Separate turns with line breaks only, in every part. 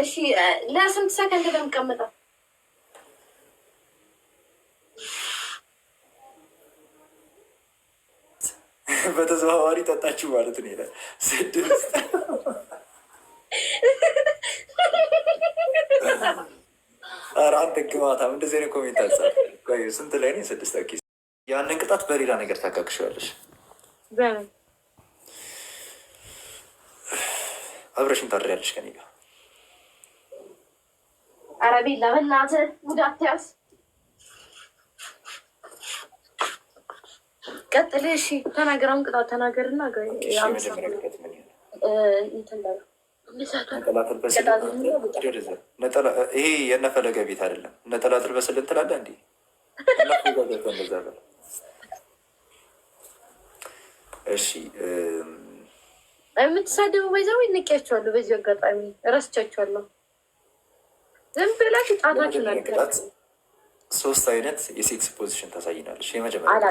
እሺ ለስንት ሰከንድ ነው የምቀመጠው?
በተዘዋዋሪ ጠጣችሁ ማለት ነው። ይላል ስድስት አራት ግማታም እንደዚህ ነው ኮሜንት አልጻፈ። ስንት ላይ ነው ስድስት ኦኬ። ያንን ቅጣት በሌላ ነገር ታካክሸዋለሽ። አብረሽን ታድሪያለሽ ከኔ ጋር
ኧረ ቤት ለበናትህ ጉዳት ያዝ። ቀጥል። እሺ ተናገራውን ቅጣት ተናገርና
ይሄ የነፈለገ ቤት አይደለም። ነጠላ ትልበስልን ትላለህ እንዴ? እሺ
የምትሳደቡ ባይዛዊ ንቄያቸዋለሁ። በዚህ አጋጣሚ እረስቻቸዋለሁ። ዝም ብለሽ ጣታችሁን አልቀጥ።
ሶስት አይነት የሴክስ ፖዚሽን ታሳይናለሽ። የመጀመሪያ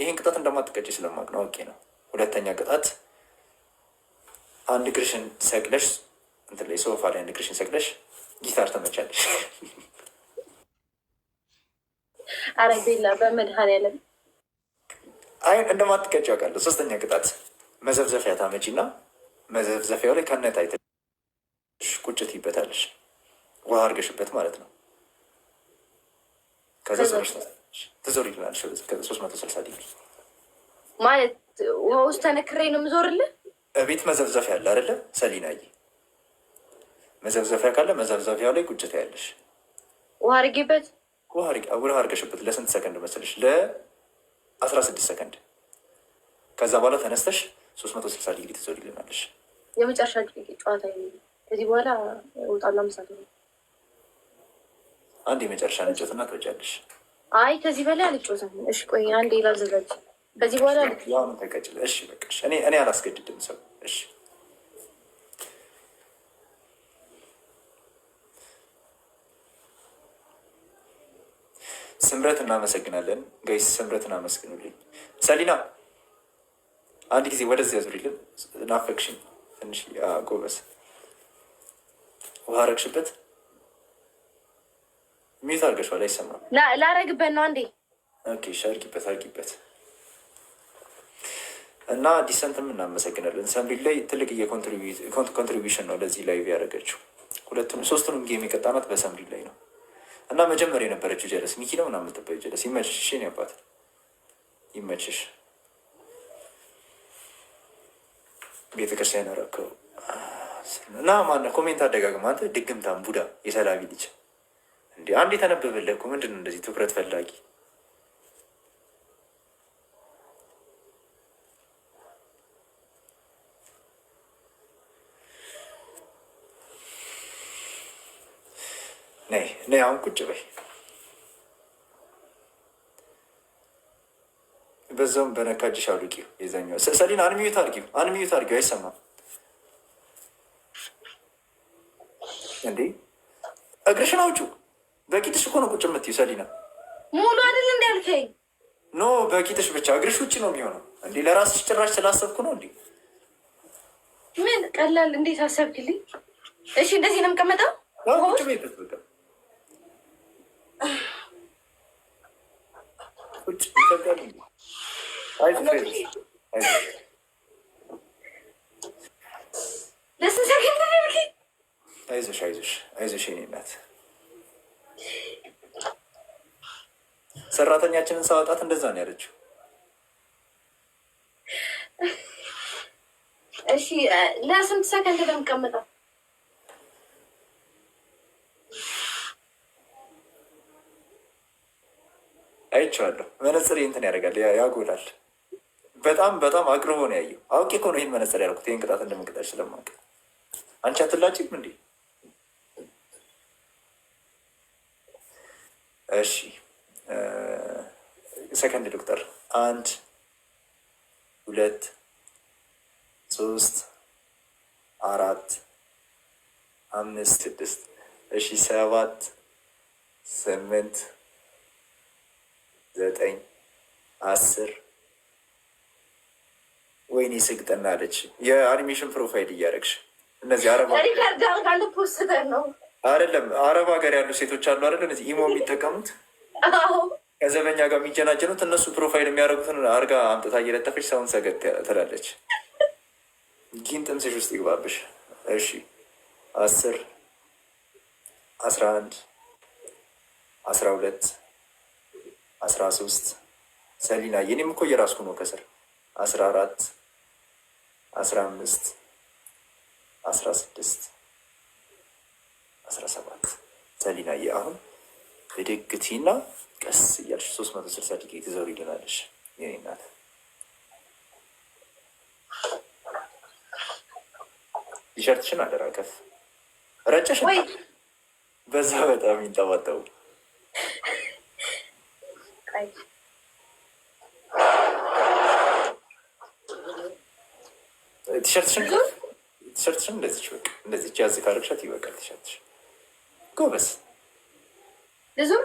ይህን ቅጣት እንደማትቀጭ ስለማቅ ነው ነው። ሁለተኛ ቅጣት አንድ እግርሽን ሰቅለሽ እንትን ላይ ሶፋ ላይ አንድ እግርሽን ሰቅለሽ ጊታር ተመቻለሽ። አረ አይ እንደማትቀጭ ያውቃለሁ። ሶስተኛ ቅጣት መዘብዘፊያ ታመጪና መዘብዘፊያው ላይ ከነት ታይተ ቁጭት ይበታለሽ ውሃ አድርገሽበት ማለት ነው። ከዛ ትዞር ይልናል ሶስት መቶ ስልሳ ዲግሪ
ማለት ውሃ ውስጥ ተነክሬ ነው የምዞርልህ።
እቤት መዘብዘፊያ አለ አይደለም ሰሊናዬ? መዘብዘፊያ ካለ መዘብዘፊያ ላይ ቁጭት ያለሽ
ውሃ አድርጌበት
ውሃ አድርገሽበት ለስንት ሰከንድ መሰለሽ? ለአስራ ስድስት ሰከንድ። ከዛ በኋላ ተነስተሽ ሶስት መቶ ስልሳ ዲግሪ ትዞር ይልናለሽ
የመጨረሻ ጨዋታ ከዚህ በኋላ እወጣለሁ። አምሳት ነው
አንድ የመጨረሻ ልጮት እና ትወጫለሽ።
አይ ከዚህ በላይ አልጮትም። እሺ ቆይ አንዴ ላዘጋጅ። ከዚህ በኋላ
ሁን ተቀጭለ። እሺ በቃሽ። እኔ እኔ አላስገድድም ሰው። እሺ ስምረት እናመሰግናለን። ጋይስ ስምረት እናመስግኑልኝ። ሰሊና አንድ ጊዜ ወደዚያ ዙሪልን። ናፈቅሽኝ ትንሽ ጎበስ ውሃ ረግሽበት ሚት አርገሽዋል። አይሰማም።
ላረግበት ነው አንዴ።
ኦኬ እሺ፣ አርጊበት አርጊበት። እና ዲሰንትም እናመሰግናለን። ሰንቢል ላይ ትልቅ የኮንትሪቢሽን ነው ለዚህ ላይቭ ያደረገችው። ሁለቱም ሶስቱንም ጌም የቀጣናት በሰንቢል ላይ ነው። እና መጀመሪያ የነበረችው ጀለስ ሚኪ ነው ምናምን የምትባይው ጀለስ። ይመችሽ፣ እሺ ነው ያባት፣ ይመችሽ። ቤተክርስቲያን አረከው እና ማነው ኮሜንት አደጋግማ አንተ ድግምታም ቡዳ የሰላቢ ልጅ እንዲ አንድ የተነበበለ እኮ ምንድን ነው እንደዚህ ትኩረት ፈላጊ ነይ ነይ አሁን ቁጭ በይ በዛውም በነካጅሽ አሉቂ የዛኛው ሰሊን አንሚዩት አርጊ አንሚዩት አርጊ አይሰማም እንዴ እግርሽን አውጪ። በቂጥሽ እኮ ነው ቁጭ የምትይው። ሰሊና
ሙሉ አይደል እንዳልከኝ
ኖ፣ በቂጥሽ ብቻ እግርሽ ውጭ ነው የሚሆነው። እንዴ ለራስሽ ጭራሽ ስላሰብኩ ነው። እንዴ
ምን ቀላል እንዴት አሰብክልኝ? እሺ እንደዚህ ነው የምቀመጠው።
ቁጭ ቤት በቃ ቁጭ ለስንት ሰከንድ አይዞሽ አይዞሽ አይዞሽ የኔ እናት። ሰራተኛችንን ሳወጣት እንደዛ ነው ያለችው።
እሺ ለስንት ሰከንድ ነው የምቀመጠው?
አይቼዋለሁ። መነጽር እንትን ያደርጋል ያጎላል። በጣም በጣም አቅርቦ ነው ያየው። አውቄ እኮ ነው ይህን መነጽር ያልኩት፣ ይህን ቅጣት እንደምንቅጣሽ ስለማውቅ አንቺ አትላጭም እንዴ? እሺ ሰከንድ ዶክተር አንድ ሁለት ሶስት አራት አምስት ስድስት እሺ ሰባት ስምንት ዘጠኝ አስር ወይኔ ስግጠና አለች። የአኒሜሽን ፕሮፋይል እያደረግሽ እነዚህ አረባ
ፖስተር ነው
አይደለም አረብ ሀገር ያሉ ሴቶች አሉ አይደለ እዚህ ኢሞ የሚጠቀሙት ከዘበኛ ጋር የሚጀናጀኑት እነሱ ፕሮፋይል የሚያደርጉትን አርጋ አምጥታ እየለጠፈች ሰውን ሰገድ ትላለች። ጊን ጥምስሽ ውስጥ ይግባብሽ። እሺ አስር አስራ አንድ አስራ ሁለት አስራ ሶስት ሰሊና የኔም እኮ የራስኩ ነው ከስር አስራ አራት አስራ አምስት አስራ ስድስት አስራ ሰባት ተሊናዬ አሁን ና ቀስ እያልሽ ሶስት መቶ ስልሳ ዲግሪ ትዘሩ ይልናለሽ የኔ እናት። ቲሸርትሽን አደራ ከፍ ረጨሽ በዛ በጣም ይንጠባጠቡ ቲሸርትሽን ቲሸርትሽን እንደዚች በቃ እንደዚች ያዝ ካረግሻት ይበቃል ቲሸርትሽን ጎበዝ። ልዙር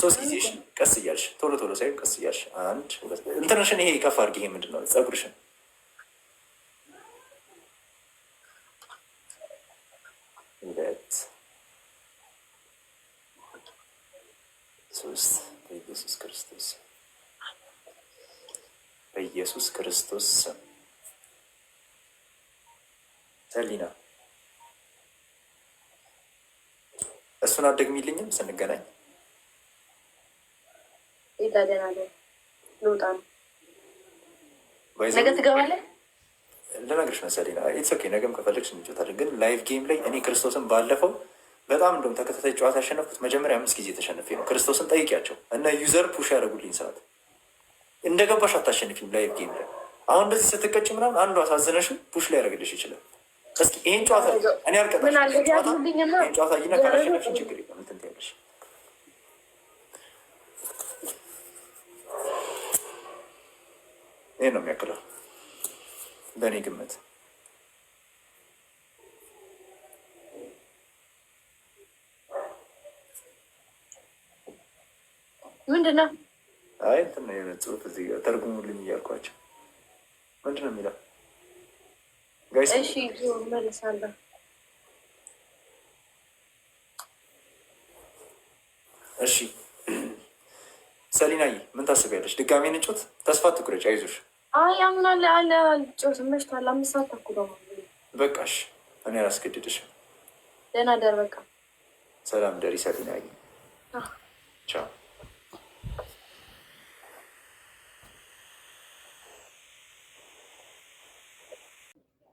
ሶስት ጊዜ ቀስ እያልሽ ቶሎ ቶሎ ሳይሆን ቀስ እያልሽ አንድ እንትንሽን ይሄ ከፍ አድርጊ። ይሄ ምንድን ነው? ጸጉርሽን ሁለት ሶስት በኢየሱስ ክርስቶስ በኢየሱስ ክርስቶስ ሰሊና እሱን አትደግሚልኝም? ስንገናኝ
ነገ ትገባለህ
ልነግርሽ መሰለኝ ኢትስ ኦኬ። ነገም ከፈለግሽ እንጫወታለን። ግን ላይቭ ጌም ላይ እኔ ክርስቶስን ባለፈው በጣም እንደውም ተከታታይ ጨዋታ ያሸነፍኩት መጀመሪያ አምስት ጊዜ ተሸንፌ ነው። ክርስቶስን ጠይቂያቸው እና ዩዘር ፑሽ ያደረጉልኝ ሰዓት እንደገባሽ አታሸንፊም ላይቭ ጌም ላይ። አሁን እንደዚህ ስትቀጭ ምናምን አንዱ አሳዝነሽ ፑሽ ላይ ያደረግልሽ ይችላል። እስኪ ይህን ጨዋታ እኔ ጨዋታ ይነ ካላሸነፍሽን ችግር የለም እንትን ትያለሽ። ይህ ነው የሚያክለው በእኔ ግምት። ምንድን ነው? አይ እንትን ነው የሆነ ጽሑፍ እዚህ ተርጉሙልኝ እያልኳቸው ምንድን ነው የሚለው እሺ
እመልሳለሁ።
እሺ ሰሊናዬ ምን ታስቢያለሽ? ድጋሜ ንጮት ተስፋ ትቁረጭ፣ አይዞሽ።
አይ አምናለሁ አለ መሽቷል። አምስት ሰዓት ተኩል
በቃሽ፣ እኔ አላስገድድሽም። ደህና ደር። በቃ ሰላም ደሪ ሰሊናዬ፣ ቻው